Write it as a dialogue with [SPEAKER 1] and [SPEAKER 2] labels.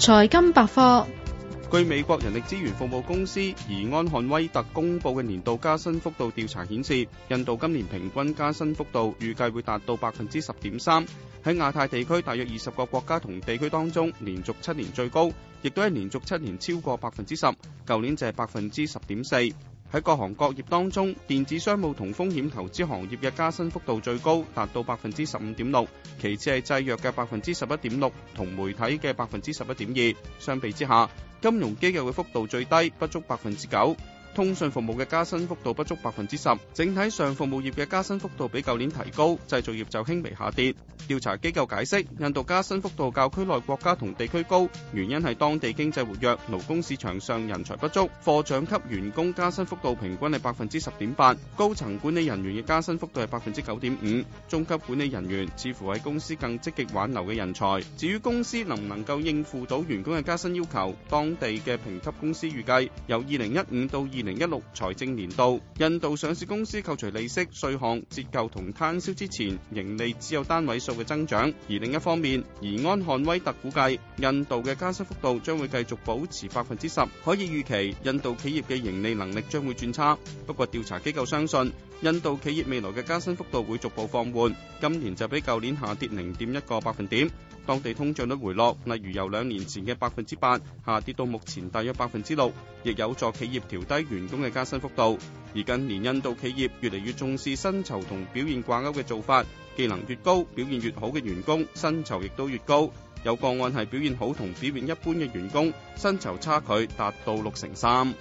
[SPEAKER 1] 財金百科，
[SPEAKER 2] 據美國人力資源服務公司怡安漢威特公佈嘅年度加薪幅度調查顯示，印度今年平均加薪幅度預計會達到百分之十點三，喺亞太地區大約二十個國家同地區當中，連續七年最高，亦都係連續七年超過百分之十，舊年就係百分之十點四。喺各行各業當中，電子商務同風險投資行業嘅加薪幅度最高，達到百分之十五點六，其次係製藥嘅百分之十一點六，同媒體嘅百分之十一點二。相比之下，金融機構嘅幅度最低，不足百分之九。通信服務嘅加薪幅度不足百分之十，整體上服務業嘅加薪幅度比舊年提高，製造業就輕微下跌。調查機構解釋，印度加薪幅度較區內國家同地區高，原因係當地經濟活躍，勞工市場上人才不足。課長級員工加薪幅度平均係百分之十點八，高層管理人員嘅加薪幅度係百分之九點五，中級管理人員似乎係公司更積極挽留嘅人才。至於公司能唔能夠應付到員工嘅加薪要求，當地嘅評級公司預計由二零一五到二二零一六財政年度，印度上市公司扣除利息稅項、折舊同攤銷之前，盈利只有單位數嘅增長。而另一方面，怡安漢威特估計印度嘅加薪幅度將會繼續保持百分之十，可以預期印度企業嘅盈利能力將會轉差。不過，調查機構相信，印度企業未來嘅加薪幅度會逐步放緩，今年就比舊年下跌零點一個百分點。當地通脹率回落，例如由兩年前嘅百分之八下跌到目前大約百分之六，亦有助企業調低員工嘅加薪幅度。而近年印度企業越嚟越重視薪酬同表現掛鈎嘅做法，技能越高、表現越好嘅員工薪酬亦都越高。有個案係表現好同表現一般嘅員工薪酬差距達到六成三。